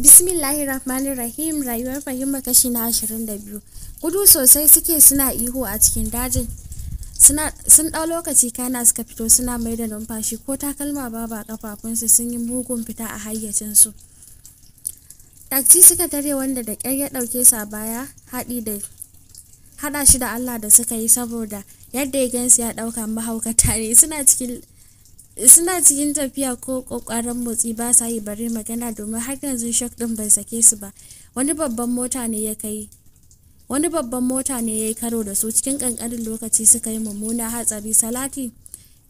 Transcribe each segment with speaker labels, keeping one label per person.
Speaker 1: Bismillahir Rahmanir Rahim rayuwar fahimma kashi na 22. Gudu sosai suke suna ihu a cikin dajin. Sun ɗau lokaci kana suka fito suna mai da numfashi ko takalma babu a kafafunsu sun yi mugun fita a hayyacinsu. Taksi suka tare wanda da ƙyar ya ɗauke su a baya haɗi da haɗa shi da Allah da suka yi saboda yadda ya gansu ya ɗauka mahaukata ne suna cikin tafiya ko kokarin motsi ba sa yi bari magana domin har yanzu shock din bai sake su ba wani babban mota ne ya kai wani babban mota ne ya yi karo da su cikin kankanin lokaci suka yi mummuna hatsari salati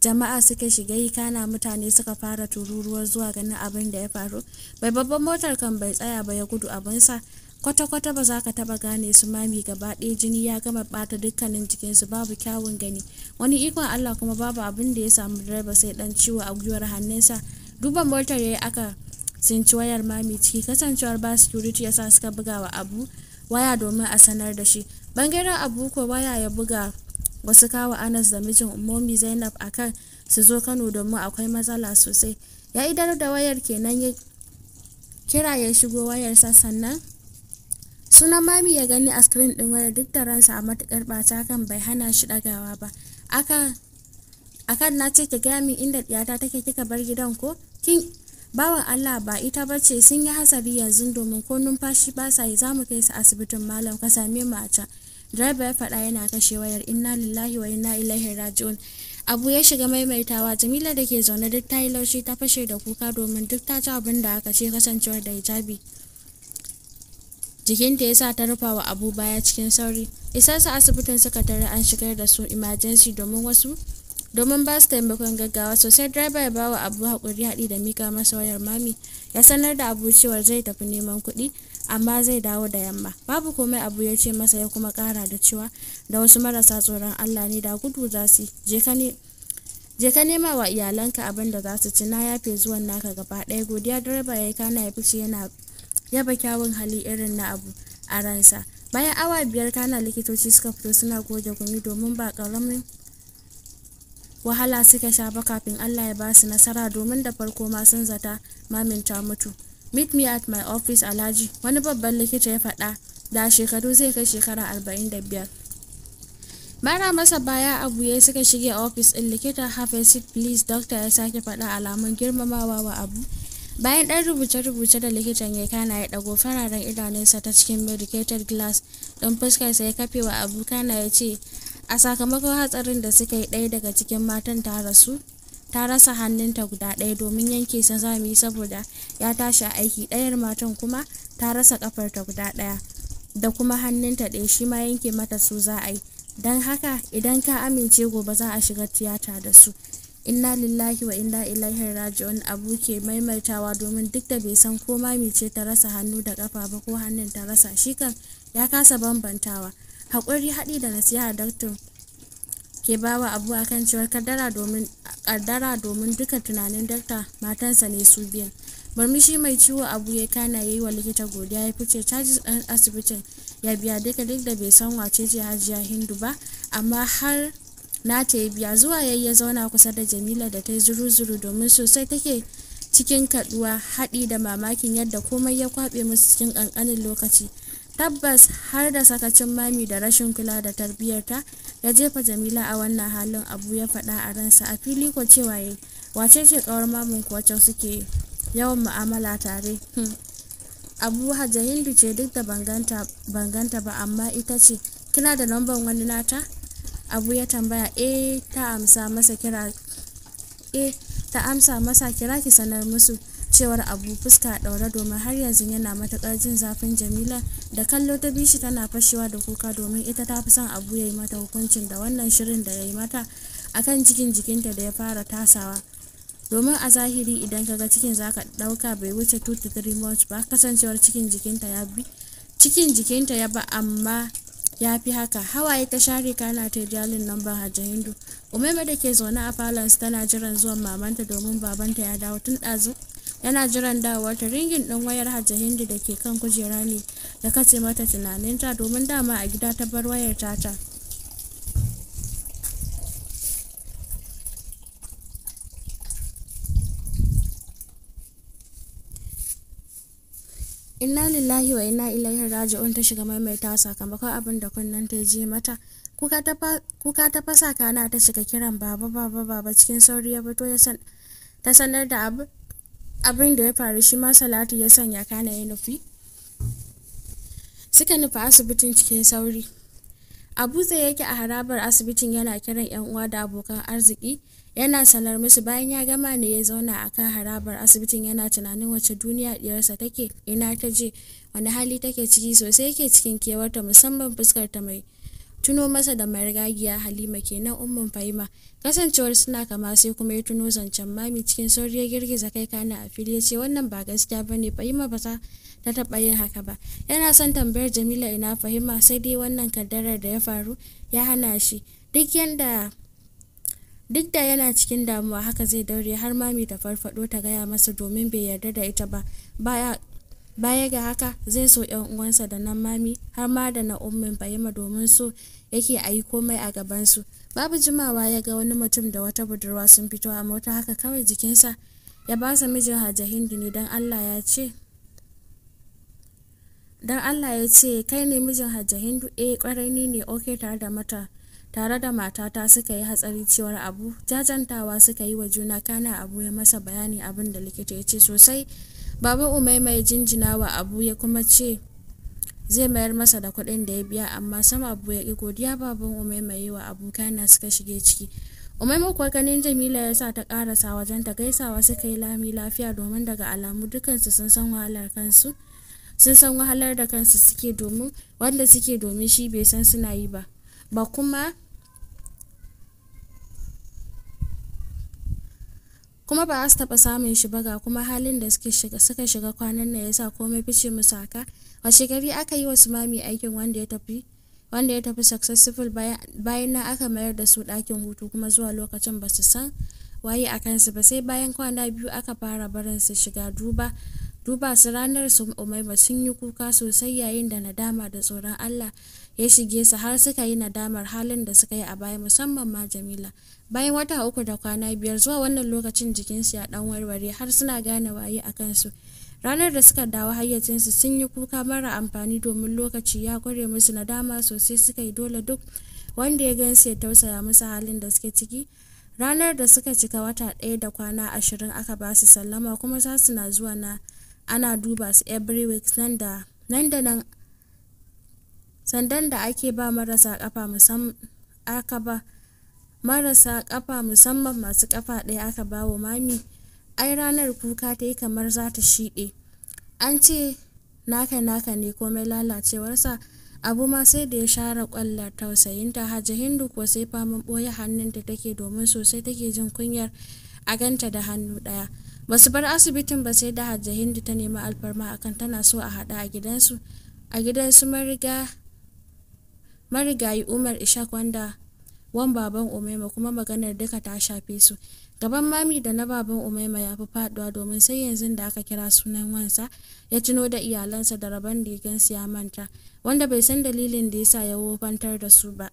Speaker 1: jama'a suka shiga yi kana mutane suka fara tururuwar zuwa ganin abin da ya faru bai babban motar kan bai tsaya ba ya gudu abinsa kwata-kwata ba za ka taba gane su mami gaba ɗaya jini ya gama bata dukkanin jikinsu babu kyawun gani wani ikon allah kuma babu abin da ya samu direba sai dan ciwo a gwiwar hannunsa duban motar yayi aka tsinci wayar mami ciki kasancewar ba security yasa suka buga wa abu waya domin a sanar da shi bangaren abu ko waya ya buga wasu kawo anas da mijin umomi zainab akan su zo kano domin akwai matsala sosai ya idar da wayar kenan ya kira ya shigo wayarsa sannan sunan mami ya gani a screen din wayar duk da ransa a matukar bata kan bai hana shi dagawa ba aka akan na ce ki gaya min inda ɗiyata take kika bar gidan ko kin bawan Allah ba ita ba ce sun yi hasabi yanzu domin ko numfashi ba sa yi zamu kai su asibitin malam ka same mu a can driver ya faɗa yana kashe wayar inna lillahi wa inna ilaihi raji'un abu ya shiga maimaitawa jamila da ke zaune duk ta yi laushi ta fashe da kuka domin duk ta ji abin da aka ce kasancewar da hijabi jikinta ya sa ta rufa wa abu baya cikin sauri su asibitin suka an shigar da su imajensi domin wasu domin ba su taimakon gaggawa sosai direba ya ba wa abu haƙuri haɗi da mika masa wayar mami ya sanar da abu cewa zai tafi neman kuɗi amma zai dawo da yamma babu komai abu ya ce masa ya kuma ƙara da cewa da wasu marasa tsoron allah ne da gudu za su je ka je ka nema wa iyalanka abin da za su ci na yafe zuwan naka gaba ɗaya godiya direba ya yi kana ya fice yana yaba kyawun hali irin na abu a ransa bayan awa biyar kana likitoci suka fito suna goge gumi domin ba karamin wahala suka sha ba kafin Allah ya ba su nasara domin da farko ma sun zata maminta mutu. Meet me at my office Alhaji wani babban likita ya faɗa da shekaru zai kai shekara arba'in da biyar Mara masa baya abu ya suka shige ofis ɗin likita hafe please doctor ya sake faɗa alamun girmamawa wa abu. bayan ɗan rubuce-rubuce da likitan ya kana ya ɗago fararen idanunsa ta cikin medicated glass don fuskarsa ya kafe wa abu kana ya ce a sakamakon hatsarin da suka yi ɗaya daga cikin matan ta rasu ta rasa hannunta guda ɗaya domin yanke sa saboda ya tashi a aiki ɗayar matan kuma ta rasa kafarta guda ɗaya da kuma hannunta ɗaya shi ma yanke mata su za a yi don haka idan ka amince gobe za a shiga tiyata da su inna lillahi wa inna ilaihi raji'un abu ke maimaitawa domin duk da bai san ko mami ce ta rasa hannu da kafa ba ko hannun ta rasa shi kan ya kasa bambantawa hakuri haɗi da nasiha daktar ke bawa abu akan cewar kaddara domin kaddara domin duka tunanin dakta matansa ne su biyan murmushi mai ciwo abu ya kana yayi wa likita godiya ya fice charges ɗan asibitin ya biya duka duk da bai san wace ce hajiya hindu ba amma har na ta biya zuwa yayi ya zauna kusa da jamila da ta yi zuru-zuru domin sosai take cikin kaduwa haɗi da mamakin yadda komai ya kwaɓe musu cikin ƙanƙanin lokaci tabbas har da sakacin mami da rashin kula da tarbiyyarta ya jefa jamila a wannan halin abu ya faɗa a ransa a fili ko cewa ya wace ce kawar mamun ko wacce suke yawan mu'amala tare hmm. abu hajja hindu ce duk da banganta ba amma ita ce kina da lambar wani nata abu ya tambaya eh ta amsa masa kira eh ta amsa masa kira ki sanar musu cewar abu fuska daure domin har yanzu yana matakar jin zafin jamila da kallo ta bishi tana fashewa da kuka domin ita ta fi son abu ya yi mata hukuncin da wannan shirin da ya yi mata akan cikin jikinta da ya fara tasawa domin a zahiri idan kaga cikin zaka dauka bai wuce 2 to 3 months ba kasancewar cikin jikinta ya bi cikin jikinta ya ba amma ya fi haka hawaye ta share kana ta jalin lambar hajji hindu umaima da ke zaune a falons tana jiran zuwan mamanta domin babanta ya dawo tun ɗazu yana jiran dawowar ta ringin ɗin wayar hajji hindu da ke kan kujera ne da kace mata tunaninta domin dama a gida ta bar wayar tata inna lillahi wa inna ilaihi raji'un ta shiga maimaita sakamakon abin da kunnen ta ji mata kuka ta fasa kana ta shiga kiran baba baba baba cikin sauri ya fito ya san ta sanar da abin da ya faru shi ma salatu ya sanya kana ya nufi suka nufi asibitin cikin sauri abu yake a harabar asibitin yana kiran 'yan uwa da abokan arziki yana sanar musu bayan ya gama ne ya zauna a kan harabar asibitin yana tunanin wacce duniya diyarsa take ina ta je wani hali take ciki sosai yake cikin kewarta musamman fuskarta mai tuno masa da marigagiya halima kenan umman fahima kasancewar suna kama sai kuma ya tuno zancen mami cikin sauri ya girgiza kai kana a fili ya ce wannan ba gaskiya ba ne fahima ba ta ta taɓa yin haka ba yana son tambayar jamila ina fahima sai dai wannan kaddarar da ya faru ya hana shi duk yanda duk da yana cikin damuwa haka zai daure har mami ta farfado ta gaya masa domin bai yarda da ita ba baya baya ga haka zai so yan uwansa da nan mami har ma da na ummin bayima domin so yake ayi komai a gabansu babu jimawa ya ga wani mutum da wata budurwa sun fito a mota haka kawai jikinsa ya ba sa mijin hajji hindu ne don allah ya ce don allah ya ce kai ne mijin hajji hindu eh kwarai ni ne ok tare da mata tare da matata suka yi hatsari cewar abu jajantawa suka yi wa juna kana abu ya masa bayani abin da likita ya ce sosai Baba umai mai jinjina wa Abu ya kuma ce zai mayar masa da kuɗin da ya biya amma sama Abu ya ƙi godiya baban umai yi wa Abu kana suka shige ciki. Umaima kuwa ganin Jamila ya sa ta karasa wajen ta gaisawa suka yi lami lafiya domin daga alamu dukansu sun san wahalar kansu. Sun san wahalar da kansu suke domin wanda suke domin shi bai san suna yi ba. Ba kuma kuma ba su taɓa samun shi ba ga kuma halin da suke shiga suka shiga kwanan nan yasa komai fice musu haka washe gari aka yi wa mami aikin wanda ya tafi wanda ya tafi successful bayan na aka mayar da su dakin hutu kuma zuwa lokacin ba su san waye a kansu ba sai bayan kwana biyu aka fara barin su shiga duba duba su ranar su ba sun yi kuka sosai yayin da nadama da tsoron allah ya shige su har suka yi nadamar halin da suka yi a baya musamman ma jamila bayan wata uku da kwana biyar zuwa wannan lokacin jikinsu ya dan warware har suna gane waye a kansu ranar da suka dawo hayyacinsu sun yi kuka mara amfani domin lokaci ya kware musu na dama sosai suka yi dole duk wanda ya gansu ya tausaya musu halin da suke ciki ranar da suka cika wata ɗaya da kwana ashirin aka ba su sallama kuma za su na zuwa na ana duba su every week nan da nan sandan da ake ba marasa kafa musamman aka ba marasa ƙafa musamman masu ƙafa ɗaya aka bawa mami ai ranar kuka ta yi kamar za ta shiɗe an ce naka naka ne komai lalacewarsa abu ma sai da ya share kwallar tausayinta hajji hindu kuwa sai faman ɓoye hannunta take domin sosai take jin kunyar a ganta da hannu ɗaya ba su bar asibitin ba sai da hajji hindu ta nemi alfarma akan tana so a haɗa a gidansu a gidansu marigayi umar ishak wanda wan baban umaima kuma maganar duka ta shafe su gaban mami da na baban umaima ya fi faduwa domin sai yanzu da aka kira sunan wansa ya tuno da iyalansa da rabon da ya manta wanda bai san dalilin da yasa ya wofantar da su ba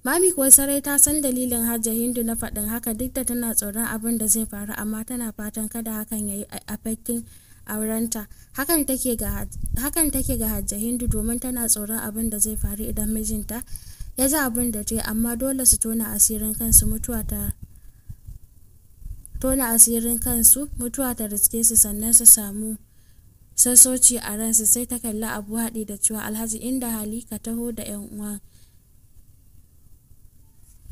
Speaker 1: Mami kuwa sarai ta san dalilin hajja Hindu na faɗin haka duk da tana tsoron abin da zai faru amma tana fatan kada hakan ya yi afektin aurenta. Hakan take ga hajja Hindu domin tana tsoron abin da zai faru idan mijinta ya ji abin da ta amma dole su tona asirin kansu mutuwa ta tona asirin kansu mutuwa ta riske su sannan su samu sassauci a ransu sai ta kalli abu haɗi da cewa alhaji inda hali ka taho da yan uwa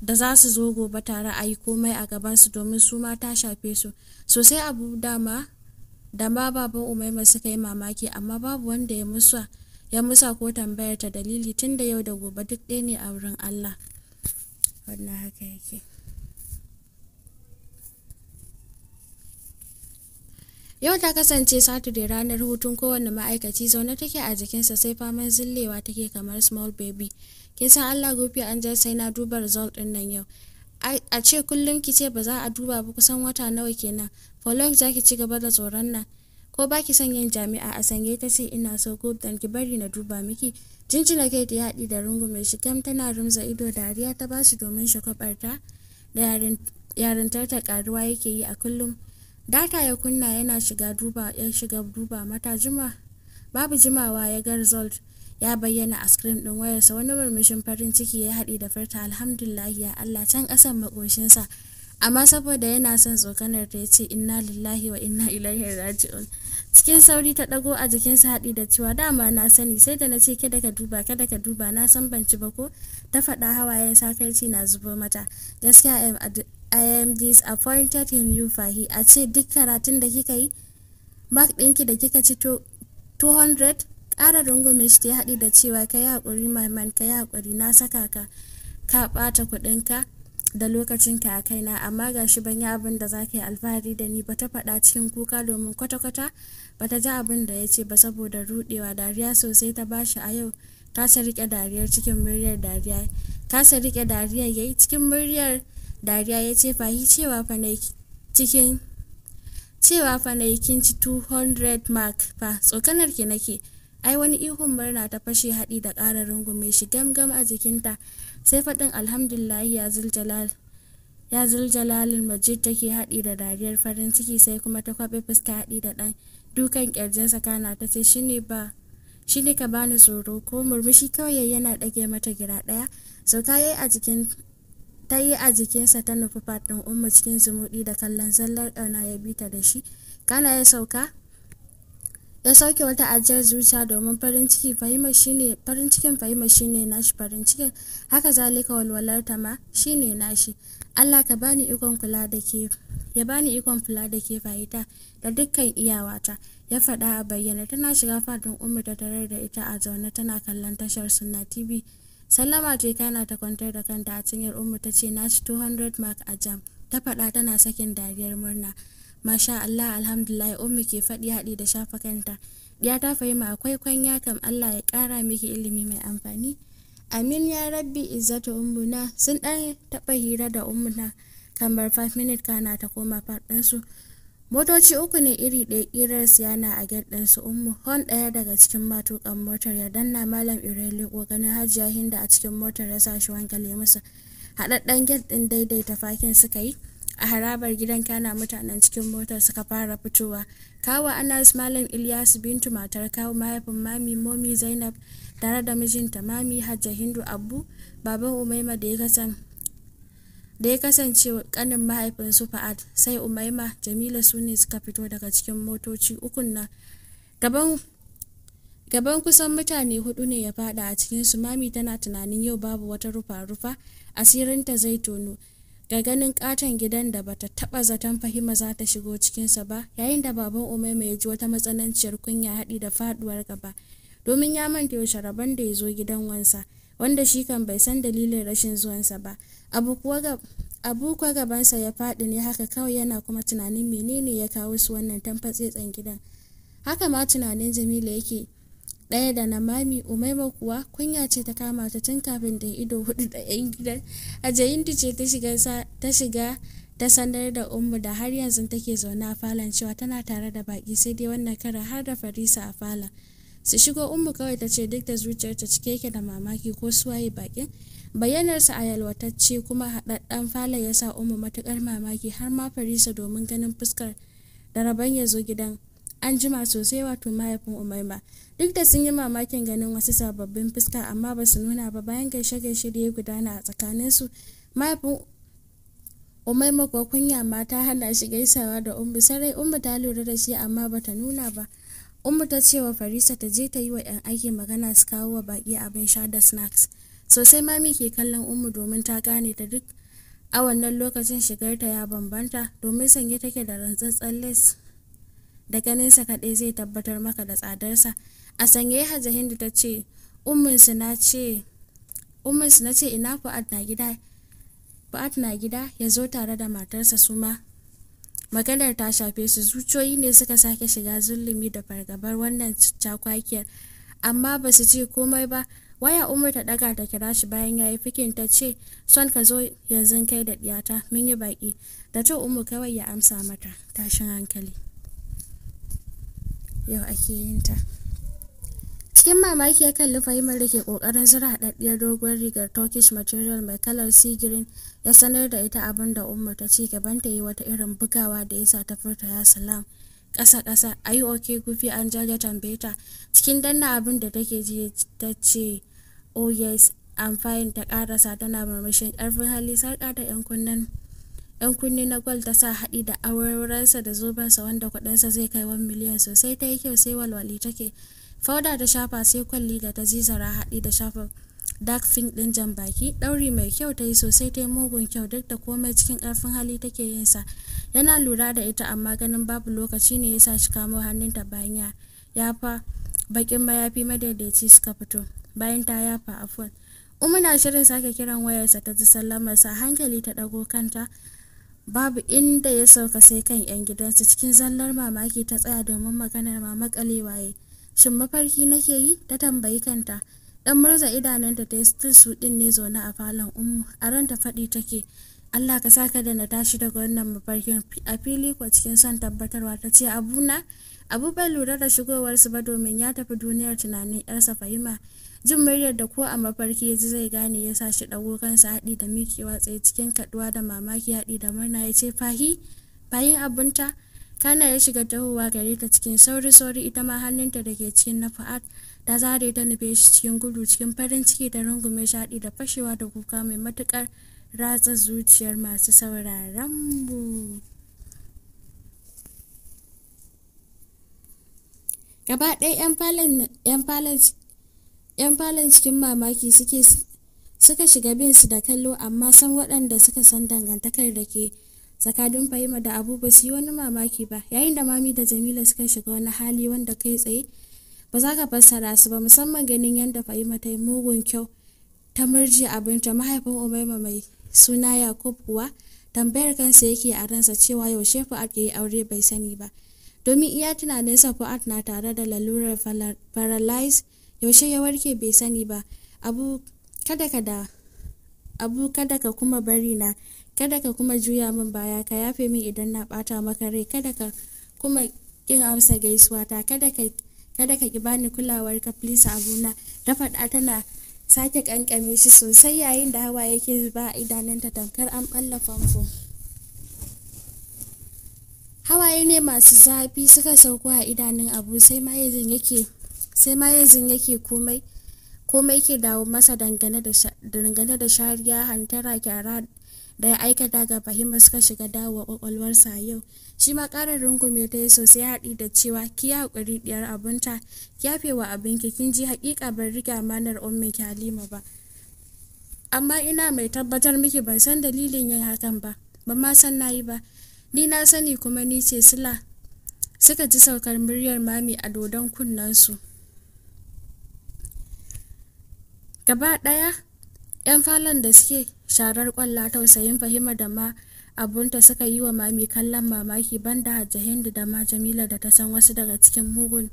Speaker 1: da za su zo gobe tare a yi komai a gabansu domin su ma ta shafe su sosai abu dama da ma baban umaima suka yi mamaki amma babu wanda ya musa ya musa ko tambayar ta dalili da yau da gobe duk ɗaya ne a wurin Allah wannan haka yake yau ta kasance da ranar hutun kowane ma'aikaci zaune take a jikinsa sai faman zillewa take kamar small baby kin san allah gobe an jar sai na duba result din nan yau a ce kullum ki ce ba za a duba ba kusan wata nawa kenan folog za ki ci gaba da tsoron nan ko ba ki son yin jami'a a sange ta ce ina so dan ki bari na duba miki jinjina kai ta yadi da rungume shi kam tana rumza ido dariya ta basu domin shi kwabarta da yarintar ta karuwa yake yi a kullum data ya kunna yana shiga duba ya shiga duba mata juma babu jimawa ya ga result ya bayyana a screen din wayarsa wani murmushin farin ciki ya haɗi da farta alhamdulillah ya Allah can ƙasan makoshinsa amma saboda yana son tsokanar ta ya ce inna lillahi wa inna ilaihi raji'un cikin sauri ta ɗago a jikin sa haɗi da cewa dama na sani sai da na ce kada ka duba ka daga duba na san banci ba ko ta faɗa hawayen sakaici na zubo mata gaskiya i am disappointed in you fahi a ce duk karatun da kika yi mark ɗinki da kika ci 200 ƙara rungume shi ta haɗi da cewa ka yi haƙuri my ka yi haƙuri na saka ka ka ɓata ka. da lokacin ka a kaina amma gashi ban yi abin da za ka yi alfahari da ni ba ta faɗa cikin kuka domin kwata-kwata ba ta ji abin da ya ce ba saboda rudewa dariya sosai ta bashi a yau kasa rike dariyar cikin muryar dariya rike dariyar yayi cikin muryar dariya ya ce fahi cewa fa na cikin cewa fa na yakin ci 200 mark fa tsokanar ki nake ai wani ihun murna ta fashe haɗi da ƙara rungume shi gamgam a jikinta sai faɗin alhamdulillah ya zuljalal ya majid take haɗi da dariyar farin ciki sai kuma ta kwaɓe fuska haɗi da ɗan dukan ƙirjinsa kana ta ce shine ba shine ka bani tsoro ko murmushi kawai yana ɗage mata gira ɗaya sauka yayi a ta yi a jikinsa ta nufi faɗin umma cikin zumuɗi da kallon zallar ƙauna ya bi ta da shi kana ya sauka ya sauke wata ajiyar zuciya domin farin ciki fahimar shine farin cikin fahimar shine nashi farin cikin haka zalika walwalar ta ma shine nashi Allah ka bani ikon kula da ke ya bani ikon kula da ke fahita da dukkan iyawata ya faɗa a bayyana tana shiga fadin umar da tarar da ita a zaune tana kallon tashar sunna tv sallama ce kana ta kwantar da kanta a cinyar umar ta ce na 200 mark a jam ta faɗa tana sakin dariyar murna masha Allah alhamdulillah ummi ke faɗi haɗi da shafa kanta ya ta fahimma akwai kwanya kam Allah ya kara miki ilimi mai amfani amin ya rabbi izzatu ummuna sun ɗan taɓa hira da ummuna kamar 5 minute kana ta koma faɗinsu motoci uku ne iri ɗaya ƙirar siyana a su ummu hon ɗaya daga cikin matukan motar ya danna malam irele ganin hajiya hinda a cikin motar ya sa shi wanka lemusa haɗaɗɗen get ɗin daidaita fakin suka yi a harabar gidan kana mutanen cikin motar suka fara fitowa kawo anas malam ilyas bintu matar kawo mahaifin mami momi zainab tare da mijinta mami hajja hindu abu baban umaima da ya kasance da ya kasance kanin mahaifin su fa'ad sai umaima jamila su ne suka fito daga cikin motoci ukun na gaban gaban kusan mutane hudu ne ya fada a cikin su mami tana tunanin yau babu wata rufa-rufa asirinta zai tono ga ganin katon gidan da bata taba zaton fahima za ta shigo cikinsa ba yayin da baban umaima ya ji wata matsananciyar kunya haɗi da faduwar gaba domin ya manta yaushe rabon da ya zo gidan wansa wanda shi kan bai san dalilin rashin zuwansa ba abu kuwa gabansa ya faɗi ne haka kawai yana kuma tunanin menene ya kawo su wannan tamfatsetsen gidan haka ma tunanin jamila yake ɗaya da na mami umaima kuwa kunya ce ta kama ta tun kafin ta ido hudu da yan gidan ajayin ce ta shiga ta shiga sanar da umu da har yanzu take zaune a falon cewa tana tare da baki sai dai wannan kara har da farisa a falon su shigo umu kawai ta ce duk da zuciyar ta cike yake da mamaki ko suwaye bakin bayyanarsa a yalwatacce kuma haɗaɗɗen falon ya sa umu matuƙar mamaki har ma farisa domin ganin fuskar da rabon ya zo gidan an jima sosai wato mahaifin umaima duk da sun yi mamakin ganin wasu sababbin fuska amma ba su nuna ba bayan gaishe-gaishe da ya gudana a tsakanin su mahaifin umaima ko kunya ma ta hana shi gaisawa da umbu sarai umbu ta lura da shi amma ba ta nuna ba umbu ta ce wa farisa ta je ta yi wa 'yan aiki magana su kawo wa baki abin sha da snacks sosai mami ke kallon umu domin ta gane ta duk a wannan lokacin shigarta ya bambanta domin sanye take da rantsatsen lace da ganinsa kaɗai zai tabbatar maka da tsadarsa a sanye hajji hindu ta ce umminsu na ce ina fa'ad na gida fa'ad ya zo tare da matarsa su ma maganar ta shafe su zuciyoyi ne suka sake shiga zulumi da fargabar wannan cakwakiyar amma ba su ce komai ba waya umar ta daga ta kira shi bayan ya yi fikin ta ce son ka zo yanzu kai da diyata mun yi baki da to umu kawai ya amsa mata tashin hankali yau ake yin ta cikin mamaki ya kalli fahimar da ke kokarin zira haɗaɗɗiyar doguwar rigar turkish material mai kalar sea green ya sanar da ita abin da umar ta ci gaban ta yi wata irin bugawa da yasa ta furta ya salam ƙasa ƙasa ayi oke gufi an ya tambaye ta cikin danna abin da take ji ta ce oh yes i'm fine ƙarasa tana murmushin ƙarfin hali sarƙa da yan kunnen yan kunne na gwal ta sa haɗi da aurensa da zobensa wanda kuɗinsa zai kai wani miliyan sosai ta yi kyau sai walwali take fauda da shafa sai kwalli da ta zizara haɗi da shafa dark pink ɗin jan baki ɗauri mai kyau ta yi sosai ta yi mugun kyau duk da komai cikin ƙarfin hali take yin sa yana lura da ita amma ganin babu lokaci ne ya sa shi kamo hannunta bayan ya fa bakin mayafi madaidaici suka fito bayan ta yafa afuwan umuna shirin sake kiran wayarsa ta ji sallamarsa hankali ta ɗago kanta babu inda ya sauka sai kan 'yan gidansu cikin zallar mamaki ta tsaya domin maganar mama kalewaye shin mafarki nake yi ta tambayi kanta dan murza idanunta ta yi su din ne zaune a falon ummu a ranta faɗi take Allah ka saka da na tashi daga wannan mafarkin a fili kuwa cikin son tabbatarwa ta ce abuna abu bai lura da shigowarsu ba domin ya tafi duniyar tunanin yarsa fahima jin muryar da ko a mafarki ya ji zai gane ya sa shi ɗago kansa haɗi da mikewa tsaye cikin kaɗuwa da mamaki haɗi da murna ya ce fahi bayan abunta kana ya shiga dahowa gare ta cikin sauri sauri ita ma hannunta da ke cikin na fa'ad ta zare ta nufe shi cikin gudu cikin farin ciki da rungume shaɗi da fashewa da kuka mai matukar ratsa zuciyar masu sauraron mu gaba ɗaya 'yan falon 'yan falon cikin mamaki suka shiga bin su da kallo amma san waɗanda suka san dangantakar da ke tsakanin fahima da abu ba su yi wani mamaki ba yayin da mami da jamila suka shiga wani hali wanda kai tsaye ba za ka fassara su ba musamman ganin yadda fahima ta yi mugun kyau ta murji abinta mahaifin umaima mai suna yakub kuwa tambayar kansa yake a ransa cewa yaushe fu'ad ya yi aure bai sani ba domin iya tunaninsa fu'ad na tare da lalurar paralyzed yaushe ya warke bai sani ba abu kada ka da abu kada ka kuma bari na kada ka kuma juya min baya ka yafe min idan na bata maka rai kada ka kuma kin amsa gaisuwa ta kada ka kada ka ki bani kulawar ka please abuna ta faɗa tana sake kankame shi sosai yayin da hawa yake zuba a idanunta tamkar an balla famfo hawaye ne masu zafi suka sauko a idanun abu sai ma yake sai ma yanzu yake komai komai ke dawo masa dangane da shariya hantara kyara da ya aikata ga fahimta suka shiga dawowa kwakwalwarsa yau shi ma karar rungume ta yi sosai haɗi da cewa ki ya haƙuri ɗiyar abinta kyafe wa abinki kin ji haƙiƙa ban riga manar ki halima ba amma ina mai tabbatar miki ban san dalilin yin hakan ba ban ma san nayi ba ni na sani kuma ni ce sila suka ji saukar muryar mami a dodon kunnensu gaba ɗaya 'yan falon da suke sharar kwalla tausayin fahima da ma abunta suka yi wa mami kallon mamaki banda hajja hindu da ma jamila da ta san wasu daga cikin mugun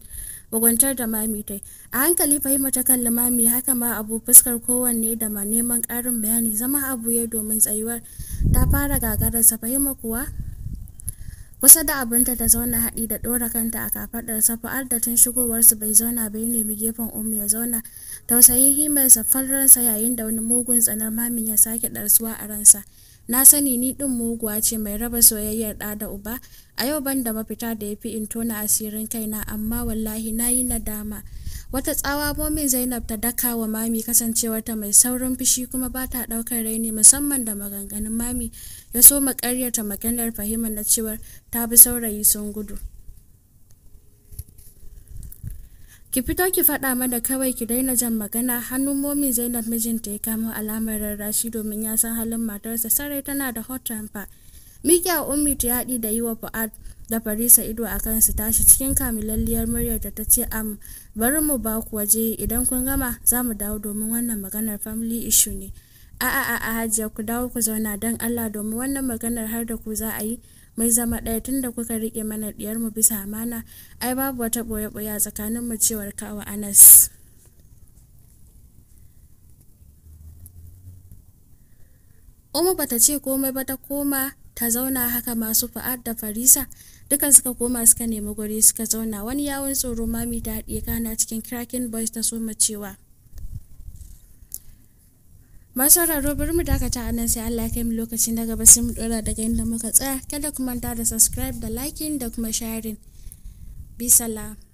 Speaker 1: muguntar da mami tai a hankali fahima ta kalli mami haka ma abu fuskar kowanne da ma neman ƙarin bayani zama abu ya domin tsayuwar ta fara gagararsa fahima kuwa kusa da abinta ta zauna haɗi da ɗora kanta a kafaɗar fa'ar da tun shigowarsu bai zauna bai nemi gefen umu ya zauna tausayin himarsa farransa yayin da wani mugun tsanar mamin ya sake ɗarsuwa a ransa na sani ni ɗin muguwa ce mai raba soyayyar ɗa da uba a yau ban da mafita da ya fi in tona asirin kaina amma wallahi na yi nadama dama wata tsawa momi zainab ta daka wa mami kasancewarta mai saurin fishi kuma ba ta daukar raini musamman da maganganun mami ya so makaryarta maganar fahimar na cewar ta bi saurayi sun gudu ki fito ki faɗa mana kawai ki daina jan magana hannun momin zainab mijinta ya kamo alamar rarrashi domin ya san halin matarsa sarai tana da hot temper mikiya ummi ta yaɗi da yi wa fu'ad da farisa ido a kan su tashi cikin kamilalliyar muryar da ta ce am bari mu ba ku waje idan kun gama za mu dawo domin wannan maganar family issue ne a'a a hajiya ku dawo ku zauna don allah domin wannan maganar har da ku za a yi mai zama ɗaya tun da kuka riƙe mana ɗiyar mu bisa amana ai babu wata ɓoye-ɓoye a tsakanin mu cewar kawo anas Uma bata ce komai ba ta koma ta zauna haka masu fa'ad da farisa dukan suka koma suka nemi guri suka zauna wani yawon tsoro mami ta haɗiye kana cikin kraken boys ta soma cewa raro bari mu dakata a nan sai Allah kai mu lokaci na gaba sai mu dora daga inda muka tsaya kada kuma manta da subscribe da liking da kuma sharing bisalam.